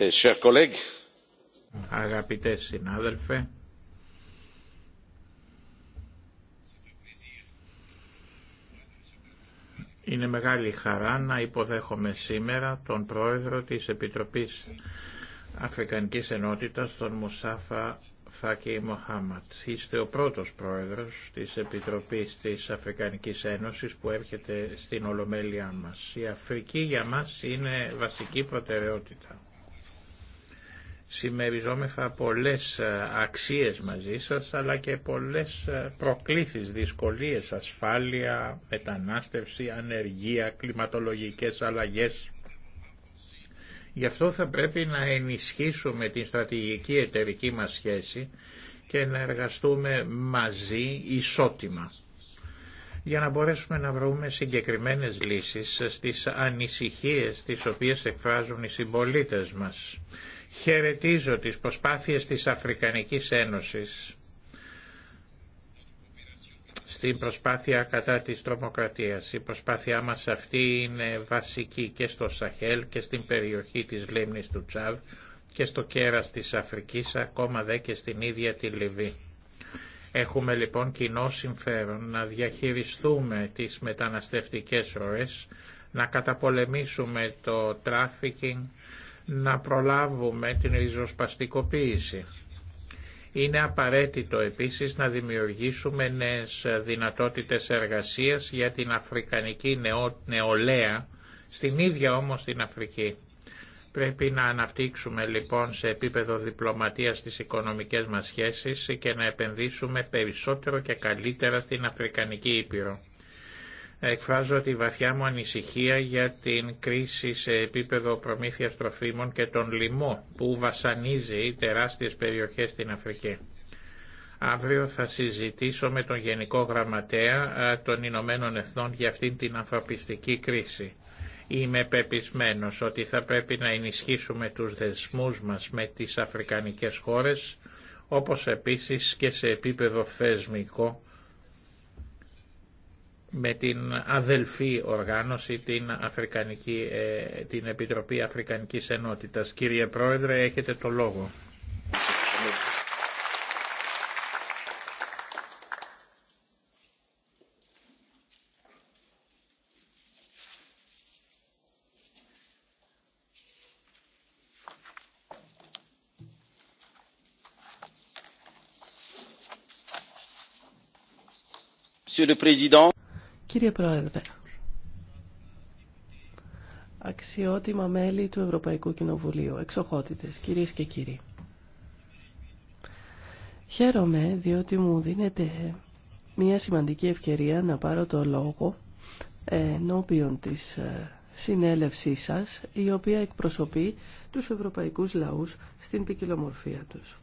Ε, Αγαπητέ συνάδελφε, είναι μεγάλη χαρά να υποδέχομαι σήμερα τον πρόεδρο της Επιτροπής Αφρικανικής Ενότητας, τον Μουσάφα Φάκη Μοχάματ. Είστε ο πρώτος πρόεδρος της Επιτροπής της Αφρικανικής Ένωσης που έρχεται στην Ολομέλειά μας. Η Αφρική για μας είναι βασική προτεραιότητα. Συμμεριζόμεθα πολλές ε, αξίες μαζί σας, αλλά και πολλές ε, προκλήσεις, δυσκολίες, ασφάλεια, μετανάστευση, ανεργία, κλιματολογικές αλλαγές. Γι' αυτό θα πρέπει να ενισχύσουμε την στρατηγική εταιρική μας σχέση και να εργαστούμε μαζί ισότιμα για να μπορέσουμε να βρούμε συγκεκριμένες λύσεις στις ανησυχίες τις οποίες εκφράζουν οι συμπολίτες μας. Χαιρετίζω τις προσπάθειες της Αφρικανικής Ένωσης στην προσπάθεια κατά της τρομοκρατίας. Η προσπάθειά μας αυτή είναι βασική και στο Σαχέλ και στην περιοχή της λίμνης του Τσάβ και στο κέρας της Αφρικής, ακόμα δε και στην ίδια τη Λιβύη. Έχουμε λοιπόν κοινό συμφέρον να διαχειριστούμε τις μεταναστευτικές ώρες, να καταπολεμήσουμε το τράφικινγκ, να προλάβουμε την ριζοσπαστικοποίηση. Είναι απαραίτητο επίσης να δημιουργήσουμε νέες δυνατότητες εργασίας για την αφρικανική νεολαία, στην ίδια όμως την Αφρική. Πρέπει να αναπτύξουμε λοιπόν σε επίπεδο διπλωματίας τις οικονομικές μας σχέσεις και να επενδύσουμε περισσότερο και καλύτερα στην Αφρικανική Ήπειρο εκφράζω τη βαθιά μου ανησυχία για την κρίση σε επίπεδο προμήθειας τροφίμων και τον λοιμό που βασανίζει τεράστιες περιοχές στην Αφρική. Αύριο θα συζητήσω με τον Γενικό Γραμματέα των Ηνωμένων Εθνών για αυτήν την ανθρωπιστική κρίση. Είμαι πεπισμένος ότι θα πρέπει να ενισχύσουμε τους δεσμούς μας με τις αφρικανικές χώρες, όπως επίσης και σε επίπεδο θεσμικό, με την αδελφή οργάνωση, την, Αφρικανική, ε, την Επιτροπή Αφρικανικής Ενότητας. Κύριε Πρόεδρε, έχετε το λόγο. Monsieur le Président, Κύριε Πρόεδρε, αξιότιμα μέλη του Ευρωπαϊκού Κοινοβουλίου, εξοχότητες, κυρίες και κύριοι. Χαίρομαι διότι μου δίνεται μια σημαντική ευκαιρία να πάρω το λόγο ενώπιον της ε, συνέλευσής σας, η οποία εκπροσωπεί τους ευρωπαϊκούς λαούς στην ποικιλομορφία τους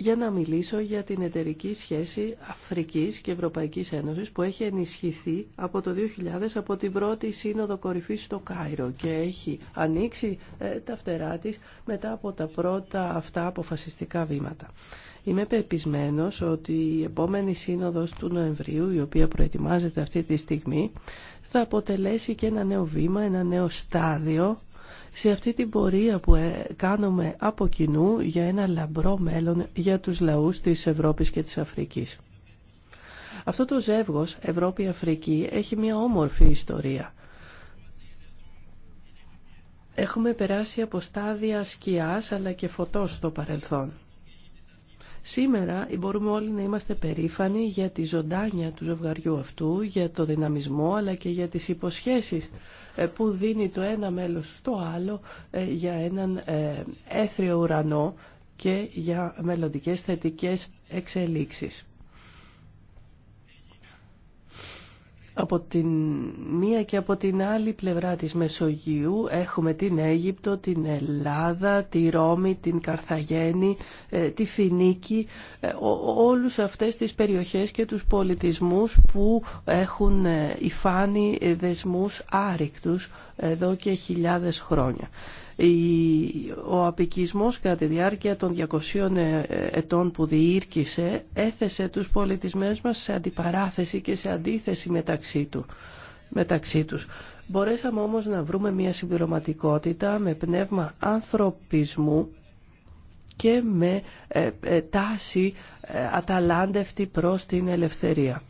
για να μιλήσω για την εταιρική σχέση Αφρικής και Ευρωπαϊκής Ένωσης που έχει ενισχυθεί από το 2000 από την πρώτη σύνοδο κορυφής στο Κάιρο και έχει ανοίξει ε, τα φτερά της μετά από τα πρώτα αυτά αποφασιστικά βήματα. Είμαι πεπισμένος ότι η επόμενη σύνοδος του Νοεμβρίου, η οποία προετοιμάζεται αυτή τη στιγμή, θα αποτελέσει και ένα νέο βήμα, ένα νέο στάδιο σε αυτή την πορεία που ε, κάνουμε από κοινού για ένα λαμπρό μέλλον για τους λαούς της Ευρώπης και της Αφρικής. Αυτό το ζεύγος Ευρώπη-Αφρική έχει μια όμορφη ιστορία. Έχουμε περάσει από στάδια σκιάς αλλά και φωτός στο παρελθόν. Σήμερα μπορούμε όλοι να είμαστε περήφανοι για τη ζωντάνια του ζευγαριού αυτού, για το δυναμισμό αλλά και για τις υποσχέσεις ε, που δίνει το ένα μέλος στο άλλο ε, για έναν ε, έθριο ουρανό και για μελλοντικές θετικές εξελίξεις. Από την μία και από την άλλη πλευρά της Μεσογείου έχουμε την Αίγυπτο, την Ελλάδα, τη Ρώμη, την Καρθαγένη, ε, τη Φινίκη, ε, όλους αυτές τις περιοχές και τους πολιτισμούς που έχουν ε, υφάνει δεσμούς άρρηκτους εδώ και χιλιάδες χρόνια. Ο απικισμός κατά τη διάρκεια των 200 ε, ετών που διήρκησε έθεσε τους πολιτισμές μας σε αντιπαράθεση και σε αντίθεση μεταξύ, του, μεταξύ τους. Μπορέσαμε όμως να βρούμε μια συμπληρωματικότητα με πνεύμα ανθρωπισμού και με ε, ε, τάση αταλάντευτη προς την ελευθερία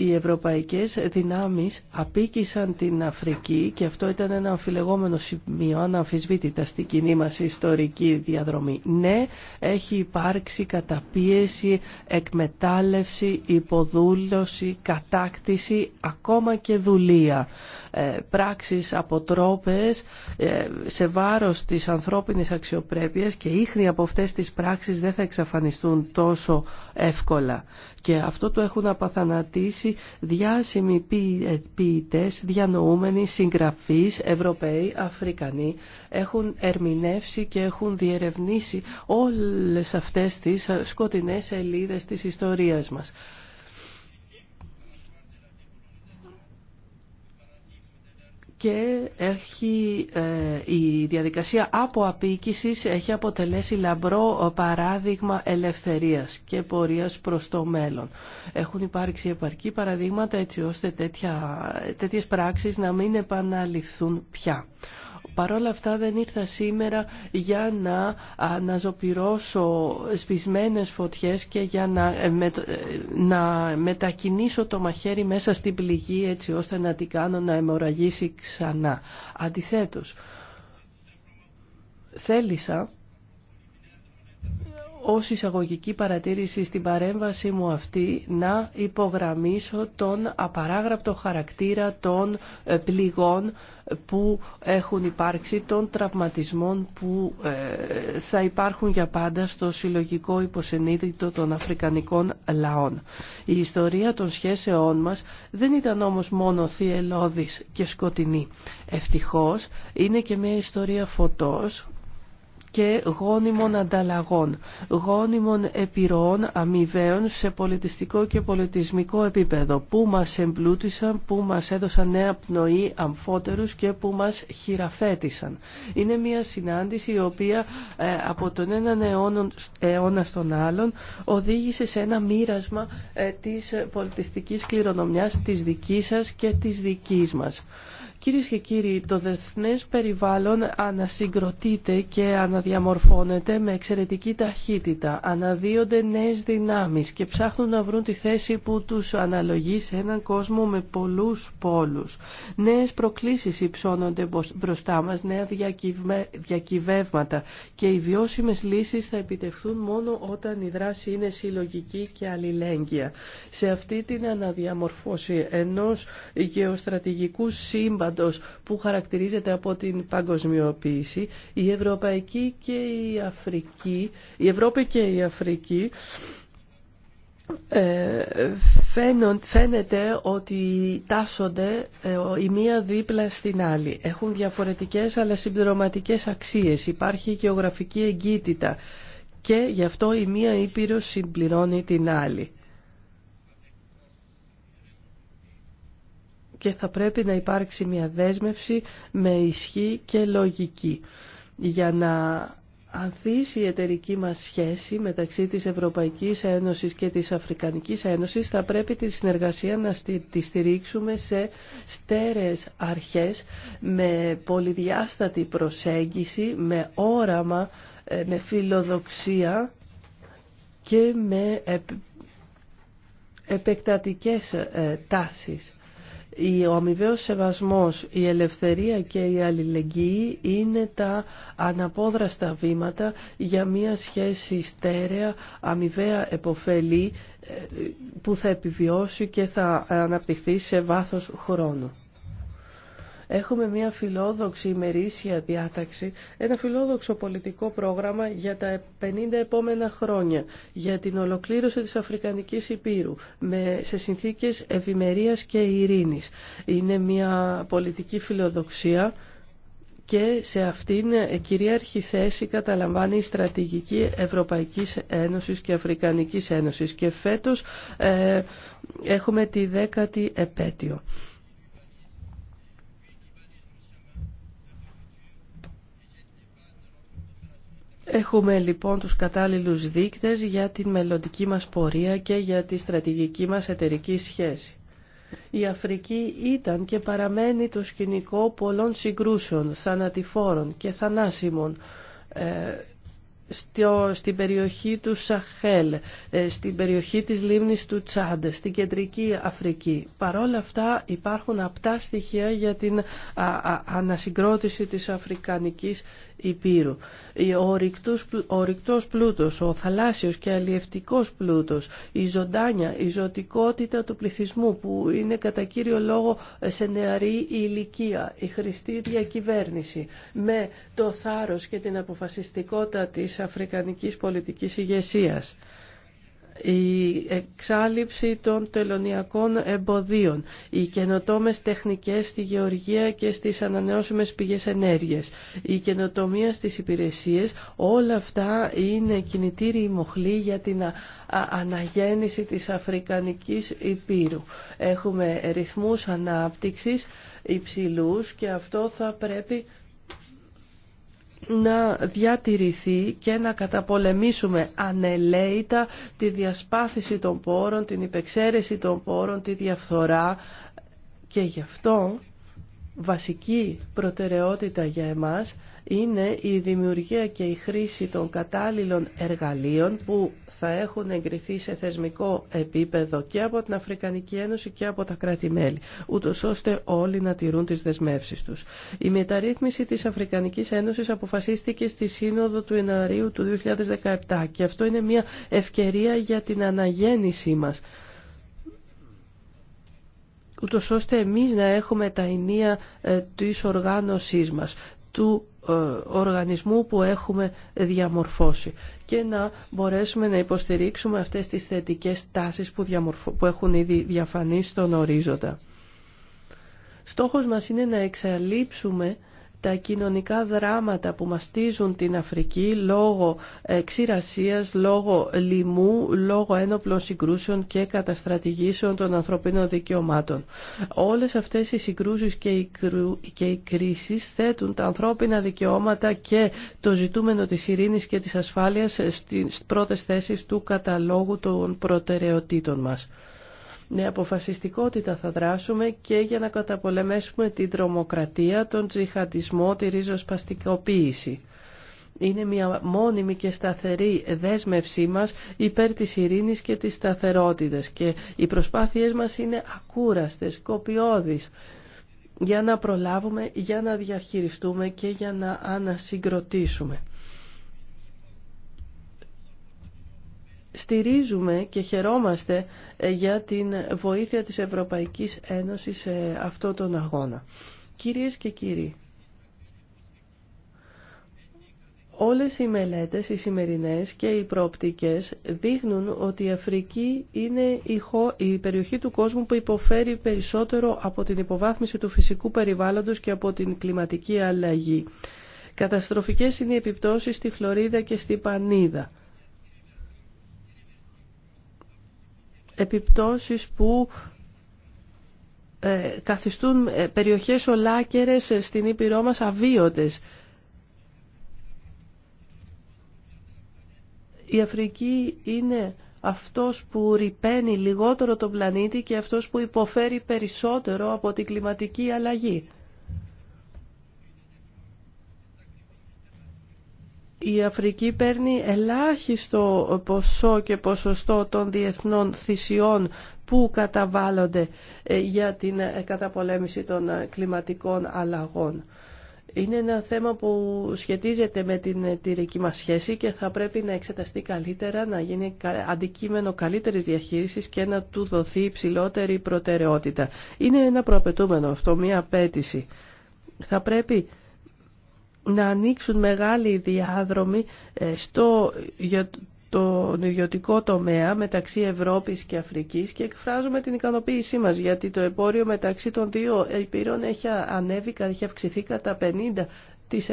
οι ευρωπαϊκές δυνάμεις απίκησαν την Αφρική και αυτό ήταν ένα αμφιλεγόμενο σημείο αναμφισβήτητα στην κοινή μας ιστορική διαδρομή. Ναι, έχει υπάρξει καταπίεση, εκμετάλλευση, υποδούλωση, κατάκτηση, ακόμα και δουλεία. Ε, πράξεις αποτρόπες ε, σε βάρος της ανθρώπινης αξιοπρέπειας και ίχνη από αυτές τις πράξεις δεν θα εξαφανιστούν τόσο εύκολα. Και αυτό το έχουν απαθανατήσει διάσημοι ε, ποιητέ, διανοούμενοι, συγγραφείς, Ευρωπαίοι, Αφρικανοί έχουν ερμηνεύσει και έχουν διερευνήσει όλες αυτές τις ε, σκοτεινές σελίδες της ιστορίας μας. και έχει, ε, η διαδικασία απίκησης έχει αποτελέσει λαμπρό παράδειγμα ελευθερίας και πορείας προς το μέλλον. Έχουν υπάρξει επαρκή παραδείγματα έτσι ώστε τέτοια, τέτοιες πράξεις να μην επαναληφθούν πια παρόλα αυτά δεν ήρθα σήμερα για να αναζωπυρώσω σπισμένες φωτιές και για να, ε, ε, να μετακινήσω το μαχαίρι μέσα στην πληγή έτσι ώστε να την κάνω να αιμορραγήσει ξανά. Αντιθέτως, θέλησα ως εισαγωγική παρατήρηση στην παρέμβαση μου αυτή να υπογραμμίσω τον απαράγραπτο χαρακτήρα των ε, πληγών που έχουν υπάρξει, των τραυματισμών που ε, θα υπάρχουν για πάντα στο συλλογικό υποσυνείδητο των αφρικανικών λαών. Η ιστορία των σχέσεών μας δεν ήταν όμως μόνο θυελώδης και σκοτεινή. Ευτυχώς είναι και μια ιστορία φωτός και γόνιμων ανταλλαγών, γόνιμων επιρροών αμοιβαίων σε πολιτιστικό και πολιτισμικό επίπεδο που μας εμπλούτησαν, που μας έδωσαν νέα πνοή αμφότερους και που μας χειραφέτησαν. Είναι μια συνάντηση η οποία ε, από τον έναν αιώνα στον άλλον οδήγησε σε ένα μοίρασμα ε, της πολιτιστικής κληρονομιάς της δικής σας και της δικής μας. Κυρίες και κύριοι, το δεθνές περιβάλλον ανασυγκροτείται και αναδιαμορφώνεται με εξαιρετική ταχύτητα. Αναδύονται νέες δυνάμεις και ψάχνουν να βρουν τη θέση που τους αναλογεί σε έναν κόσμο με πολλούς πόλους. Νέες προκλήσεις υψώνονται μπροστά μας, νέα διακυβεύματα και οι βιώσιμες λύσεις θα επιτευχθούν μόνο όταν η δράση είναι συλλογική και αλληλέγγυα. Σε αυτή την αναδιαμορφώση ενός γεωστρατηγικού σύμπαντου που χαρακτηρίζεται από την παγκοσμιοποίηση, η Ευρωπαϊκή και η Αφρική, η Ευρώπη και η Αφρική ε, φαίνεται ότι τάσσονται ε, η μία δίπλα στην άλλη. Έχουν διαφορετικές αλλά συμπληρωματικές αξίες. Υπάρχει γεωγραφική εγκύτητα και γι' αυτό η μία ήπειρος συμπληρώνει την άλλη. και θα πρέπει να υπάρξει μια δέσμευση με ισχύ και λογική για να ανθίσει η εταιρική μας σχέση μεταξύ της Ευρωπαϊκής Ένωσης και της Αφρικανικής Ένωσης θα πρέπει τη συνεργασία να τη στηρίξουμε σε στέρεες αρχές με πολυδιάστατη προσέγγιση, με όραμα, ε, με φιλοδοξία και με επεκτατικές ε, τάσεις ο αμοιβαίος σεβασμός, η ελευθερία και η αλληλεγγύη είναι τα αναπόδραστα βήματα για μια σχέση στέρεα, αμοιβαία εποφελή ε, που θα επιβιώσει και θα αναπτυχθεί σε βάθος χρόνου. Έχουμε μια φιλόδοξη ημερήσια διάταξη, ένα φιλόδοξο πολιτικό πρόγραμμα για τα 50 επόμενα χρόνια, για την ολοκλήρωση της Αφρικανικής Υπήρου, με, σε συνθήκες ευημερίας και ειρήνης. Είναι μια πολιτική φιλοδοξία και σε αυτήν ε, κυρίαρχη θέση καταλαμβάνει η στρατηγική Ευρωπαϊκής Ένωσης και Αφρικανικής Ένωσης και φέτος ε, έχουμε τη δέκατη επέτειο. Έχουμε λοιπόν τους κατάλληλους δείκτες για την μελλοντική μας πορεία και για τη στρατηγική μας εταιρική σχέση. Η Αφρική ήταν και παραμένει το σκηνικό πολλών συγκρούσεων, θανατηφόρων και θανάσιμων ε, στο, στην περιοχή του Σαχέλ, ε, στην περιοχή της λίμνης του Τσάντ, στην κεντρική Αφρική. Παρόλα αυτά υπάρχουν απτά στοιχεία για την ανασυγκρότηση της αφρικανικής Υπήρου. Ο ορυκτός πλούτος, ο θαλάσσιος και αλλιευτικός πλούτος, η ζωντάνια, η ζωτικότητα του πληθυσμού που είναι κατά κύριο λόγο ε, σε νεαρή ηλικία, η χρηστή διακυβέρνηση με το θάρρος και την αποφασιστικότητα της αφρικανικής πολιτικής ηγεσίας η εξάλληψη των τελωνιακών εμποδίων, οι καινοτόμες τεχνικές στη γεωργία και στις ανανεώσιμες πηγές ενέργειας, η καινοτομία στις υπηρεσίες, όλα αυτά είναι κινητήριοι μοχλή για την αναγέννηση της Αφρικανικής Υπήρου. Έχουμε ρυθμούς ανάπτυξης υψηλούς και αυτό θα πρέπει να διατηρηθεί και να καταπολεμήσουμε ανελαίητα τη διασπάθηση των πόρων, την υπεξαίρεση των πόρων, τη διαφθορά και γι' αυτό βασική προτεραιότητα για εμάς είναι η δημιουργία και η χρήση των κατάλληλων εργαλείων που θα έχουν εγκριθεί σε θεσμικό επίπεδο και από την Αφρικανική Ένωση και από τα κράτη-μέλη, ούτως ώστε όλοι να τηρούν τις δεσμεύσεις τους. Η μεταρρύθμιση της Αφρικανικής Ένωσης αποφασίστηκε στη Σύνοδο του Ιανουαρίου του 2017 και αυτό είναι μια ευκαιρία για την αναγέννησή μας ούτως ώστε εμείς να έχουμε τα ενία ε, της οργάνωσής μας, του ε, οργανισμού που έχουμε διαμορφώσει και να μπορέσουμε να υποστηρίξουμε αυτές τις θετικές τάσεις που, έχουν ήδη διαφανεί στον ορίζοντα. Στόχος μας είναι να εξαλείψουμε τα κοινωνικά δράματα που μαστίζουν την Αφρική λόγω ε, ξηρασίας, λόγω λοιμού, λόγω ένοπλων συγκρούσεων και καταστρατηγήσεων των ανθρωπίνων δικαιωμάτων. Όλες αυτές οι συγκρούσεις και οι, κρου... και κρίσεις θέτουν τα ανθρώπινα δικαιώματα και το ζητούμενο της ειρήνης και της ασφάλειας στις πρώτες θέσεις του καταλόγου των προτεραιοτήτων μας με αποφασιστικότητα θα δράσουμε και για να καταπολεμήσουμε την τρομοκρατία, τον τζιχαντισμό, τη ριζοσπαστικοποίηση. Είναι μια μόνιμη και σταθερή δέσμευσή μας υπέρ της ειρήνης και της σταθερότητας και οι προσπάθειές μας είναι ακούραστες, κοπιώδεις για να προλάβουμε, για να διαχειριστούμε και για να ανασυγκροτήσουμε. στηρίζουμε και χαιρόμαστε ε, για την βοήθεια της Ευρωπαϊκής Ένωσης σε αυτό τον αγώνα. Κυρίες και κύριοι, όλες οι μελέτες, οι σημερινές και οι πρόπτικες δείχνουν ότι η Αφρική είναι η, περιοχή του κόσμου που υποφέρει περισσότερο από την υποβάθμιση του φυσικού περιβάλλοντος και από την κλιματική αλλαγή. Καταστροφικές είναι οι επιπτώσεις στη Φλωρίδα και στη Πανίδα. επιπτώσεις που ε, καθιστούν ε, περιοχές ολάκερες ε, στην Ήπειρό μας αβίωτες. Η Αφρική είναι αυτός που ρηπαίνει λιγότερο τον πλανήτη και αυτός που υποφέρει περισσότερο από την κλιματική αλλαγή. Η Αφρική παίρνει ελάχιστο ποσό και ποσοστό των διεθνών θυσιών που καταβάλλονται ε, για την ε, καταπολέμηση των ε, κλιματικών αλλαγών. Είναι ένα θέμα που σχετίζεται με την τυρική μας σχέση και θα πρέπει να εξεταστεί καλύτερα, να γίνει αντικείμενο καλύτερης διαχείρισης και να του δοθεί υψηλότερη προτεραιότητα. Είναι ένα προαπαιτούμενο αυτό, μια απέτηση. Θα πρέπει να ανοίξουν μεγάλοι διάδρομοι ε, στο, για το ιδιωτικό τομέα μεταξύ Ευρώπης και Αφρικής και εκφράζουμε την ικανοποίησή μας γιατί το εμπόριο μεταξύ των δύο υπήρων έχει ανέβει, έχει αυξηθεί κατά 50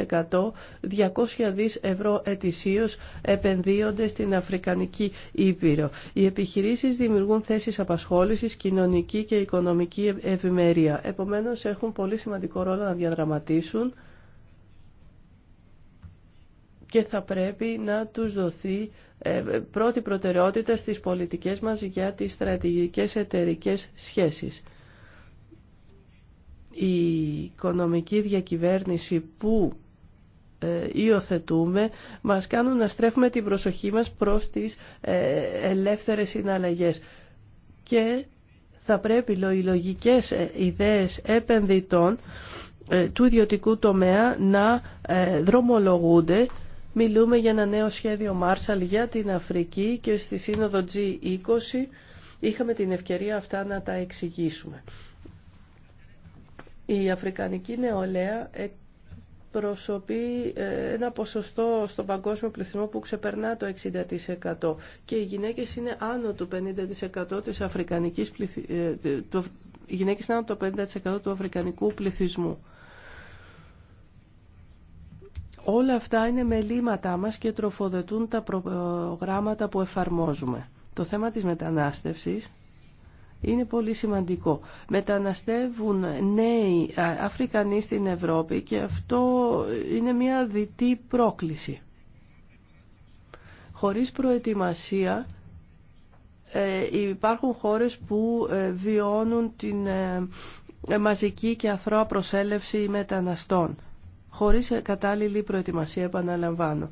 200 δις ευρώ ετησίως επενδύονται στην Αφρικανική Ήπειρο. Οι επιχειρήσεις δημιουργούν θέσεις απασχόλησης, κοινωνική και οικονομική ευημερία. Επομένως έχουν πολύ σημαντικό ρόλο να διαδραματίσουν και θα πρέπει να τους δοθεί ε, πρώτη προτεραιότητα στις πολιτικές μας για τις στρατηγικές εταιρικές σχέσεις. Η οικονομική διακυβέρνηση που ε, υιοθετούμε μας κάνουν να στρέφουμε την προσοχή μας προς τις ε, ελεύθερες συναλλαγές και θα πρέπει οι λογικές ιδέες επενδυτών του ιδιωτικού τομέα να δρομολογούνται Μιλούμε για ένα νέο σχέδιο Marshall για την Αφρική και στη Σύνοδο G20 είχαμε την ευκαιρία αυτά να τα εξηγήσουμε. Η Αφρικανική νεολαία προσωπεί ε, ένα ποσοστό στον παγκόσμιο πληθυσμό που ξεπερνά το 60% και οι γυναίκες είναι άνω του 50% της αφρικανικής ε, οι γυναίκες είναι άνω το 50% του αφρικανικού πληθυσμού. Όλα αυτά είναι μελήματά μας και τροφοδετούν τα προγράμματα που εφαρμόζουμε. Το θέμα της μετανάστευσης είναι πολύ σημαντικό. Μεταναστεύουν νέοι Αφρικανοί στην Ευρώπη και αυτό είναι μια διτή πρόκληση. Χωρίς προετοιμασία ε, υπάρχουν χώρες που ε, βιώνουν την ε, μαζική και αθρώα προσέλευση μεταναστών χωρίς κατάλληλη προετοιμασία, επαναλαμβάνω.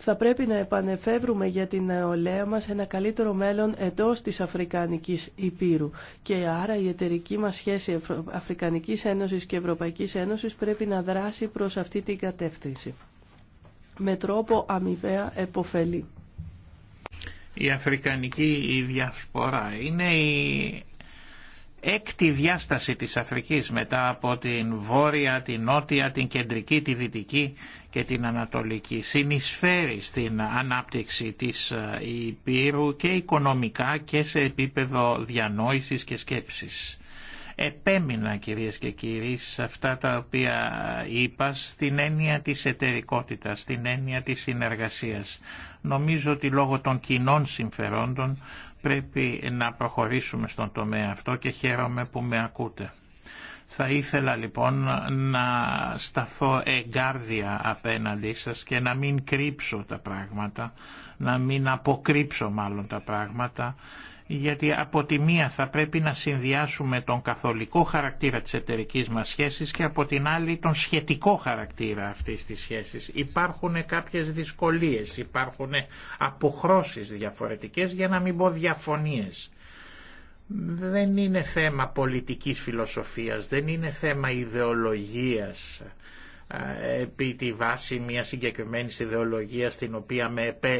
Θα πρέπει να επανεφεύρουμε για την νεολαία μας ένα καλύτερο μέλλον εντός της Αφρικανικής Υπήρου. Και άρα η εταιρική μας σχέση Αφρικανικής Ένωσης και Ευρωπαϊκής Ένωσης πρέπει να δράσει προς αυτή την κατεύθυνση. Με τρόπο αμοιβαία επωφελή. Η Αφρικανική η Διασπορά είναι η έκτη διάσταση της Αφρικής μετά από την βόρεια, την νότια, την κεντρική, τη δυτική και την ανατολική συνεισφέρει στην ανάπτυξη της ε, Υπήρου και οικονομικά και σε επίπεδο διανόησης και σκέψης. Επέμεινα κυρίες και κύριοι σε αυτά τα οποία είπα στην έννοια της εταιρικότητας, στην έννοια της συνεργασίας. Νομίζω ότι λόγω των κοινών συμφερόντων πρέπει να προχωρήσουμε στον τομέα αυτό και χαίρομαι που με ακούτε. Θα ήθελα λοιπόν να σταθώ εγκάρδια απέναντί σας και να μην κρύψω τα πράγματα, να μην αποκρύψω μάλλον τα πράγματα γιατί από τη μία θα πρέπει να συνδυάσουμε τον καθολικό χαρακτήρα της εταιρικής μας σχέσης και από την άλλη τον σχετικό χαρακτήρα αυτής της σχέσης. Υπάρχουν κάποιες δυσκολίες, υπάρχουν αποχρώσεις διαφορετικές για να μην πω διαφωνίες. Δεν είναι θέμα πολιτικής φιλοσοφίας, δεν είναι θέμα ιδεολογίας επί τη βάση μια συγκεκριμένη ιδεολογία οποία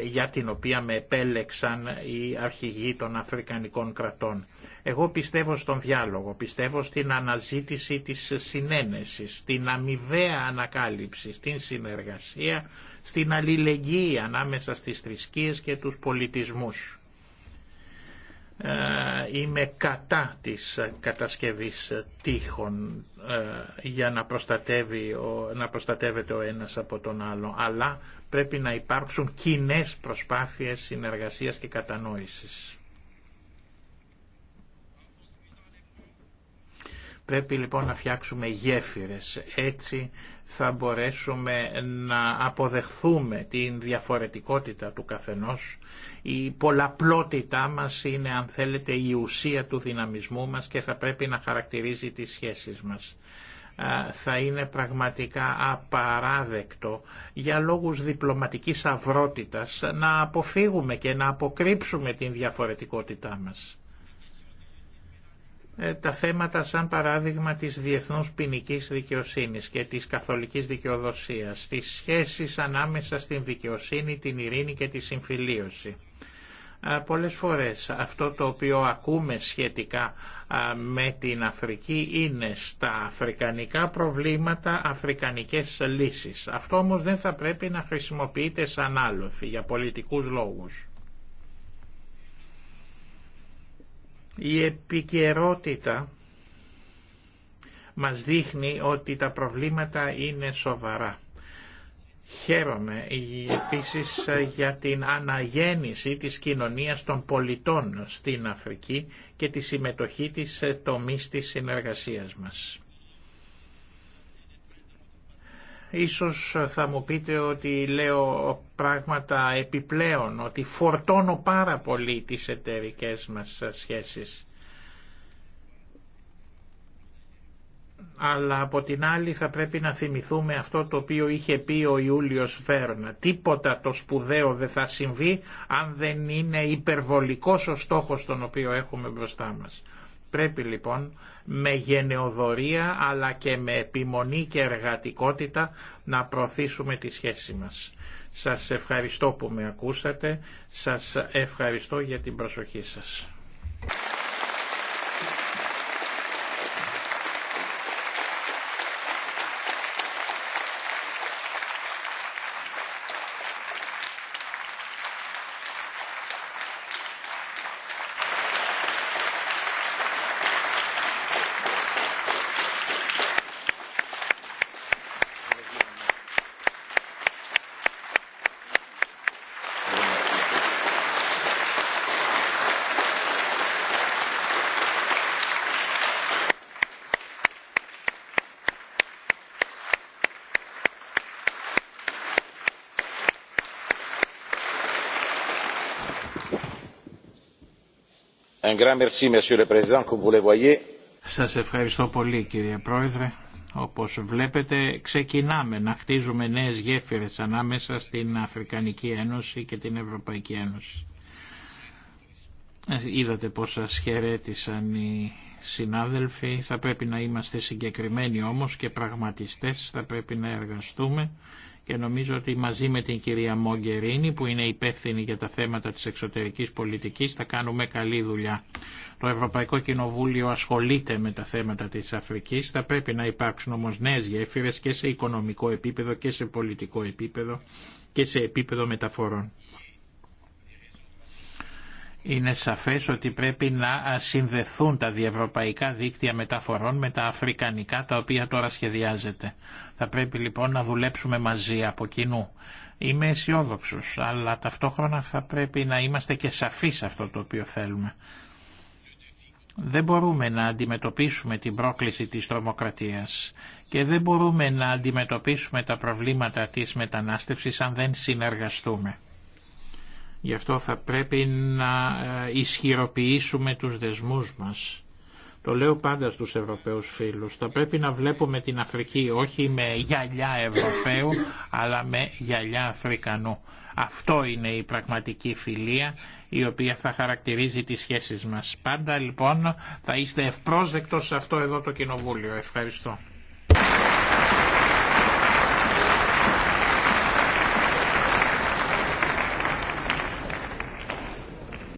για την οποία με επέλεξαν οι αρχηγοί των Αφρικανικών κρατών. Εγώ πιστεύω στον διάλογο, πιστεύω στην αναζήτηση της συνένεσης, στην αμοιβαία ανακάλυψη, στην συνεργασία, στην αλληλεγγύη ανάμεσα στις θρησκείες και τους πολιτισμούς. Ε, είμαι κατά της κατασκευής τείχων ε, για να, προστατεύει, να προστατεύεται ο ένας από τον άλλο, αλλά πρέπει να υπάρξουν κοινέ προσπάθειες συνεργασίας και κατανόησης. Πρέπει λοιπόν να φτιάξουμε γέφυρες, έτσι θα μπορέσουμε να αποδεχθούμε την διαφορετικότητα του καθενός. Η πολλαπλότητά μας είναι αν θέλετε η ουσία του δυναμισμού μας και θα πρέπει να χαρακτηρίζει τις σχέσεις μας. Θα είναι πραγματικά απαράδεκτο για λόγους διπλωματικής αυρότητας να αποφύγουμε και να αποκρύψουμε την διαφορετικότητά μας. Ε, τα θέματα σαν παράδειγμα της διεθνούς ποινική δικαιοσύνης και της καθολικής δικαιοδοσίας, της σχέσεις ανάμεσα στην δικαιοσύνη, την ειρήνη και τη συμφιλίωση. Πολλές φορές αυτό το οποίο ακούμε σχετικά με την Αφρική είναι στα αφρικανικά προβλήματα αφρικανικές λύσεις. Αυτό όμως δεν θα πρέπει να χρησιμοποιείται σαν άλοθη για πολιτικούς λόγους. Η επικαιρότητα μας δείχνει ότι τα προβλήματα είναι σοβαρά. Χαίρομαι επίσης για την αναγέννηση της κοινωνίας των πολιτών στην Αφρική και τη συμμετοχή της τομής της συνεργασίας μας. Ίσως θα μου πείτε ότι λέω πράγματα επιπλέον, ότι φορτώνω πάρα πολύ τις εταιρικές μας σχέσεις. αλλά από την άλλη θα πρέπει να θυμηθούμε αυτό το οποίο είχε πει ο Ιούλιος Φέρνα. Τίποτα το σπουδαίο δεν θα συμβεί αν δεν είναι υπερβολικός ο στόχος τον οποίο έχουμε μπροστά μας. Πρέπει λοιπόν με γενεοδορία αλλά και με επιμονή και εργατικότητα να προωθήσουμε τη σχέση μας. Σας ευχαριστώ που με ακούσατε, σας ευχαριστώ για την προσοχή σας. Σας ευχαριστώ πολύ κύριε Πρόεδρε. Όπως βλέπετε ξεκινάμε να χτίζουμε νέες γέφυρες ανάμεσα στην Αφρικανική Ένωση και την Ευρωπαϊκή Ένωση. Ε, είδατε πώς σας χαιρέτησαν οι συνάδελφοι. Θα πρέπει να είμαστε συγκεκριμένοι όμως και πραγματιστές. Θα πρέπει να εργαστούμε και νομίζω ότι μαζί με την κυρία Μόγκερίνη που είναι υπεύθυνη για τα θέματα της εξωτερικής πολιτικής θα κάνουμε καλή δουλειά. Το Ευρωπαϊκό Κοινοβούλιο ασχολείται με τα θέματα της Αφρικής, θα πρέπει να υπάρξουν όμως νέες γέφυρες και σε οικονομικό επίπεδο και σε πολιτικό επίπεδο και σε επίπεδο μεταφορών. Είναι σαφές ότι πρέπει να συνδεθούν τα διευρωπαϊκά δίκτυα μεταφορών με τα αφρικανικά τα οποία τώρα σχεδιάζεται. Θα πρέπει λοιπόν να δουλέψουμε μαζί από κοινού. Είμαι αισιόδοξο, αλλά ταυτόχρονα θα πρέπει να είμαστε και σαφείς σε αυτό το οποίο θέλουμε. Δεν μπορούμε να αντιμετωπίσουμε την πρόκληση της τρομοκρατίας και δεν μπορούμε να αντιμετωπίσουμε τα προβλήματα της μετανάστευσης αν δεν συνεργαστούμε. Γι' αυτό θα πρέπει να ε, ισχυροποιήσουμε τους δεσμούς μας. Το λέω πάντα στους Ευρωπαίους φίλους. Θα πρέπει να βλέπουμε την Αφρική όχι με γυαλιά Ευρωπαίου, αλλά με γυαλιά Αφρικανού. Αυτό είναι η πραγματική φιλία η οποία θα χαρακτηρίζει τις σχέσεις μας. Πάντα λοιπόν θα είστε ευπρόσδεκτος σε αυτό εδώ το κοινοβούλιο. Ευχαριστώ.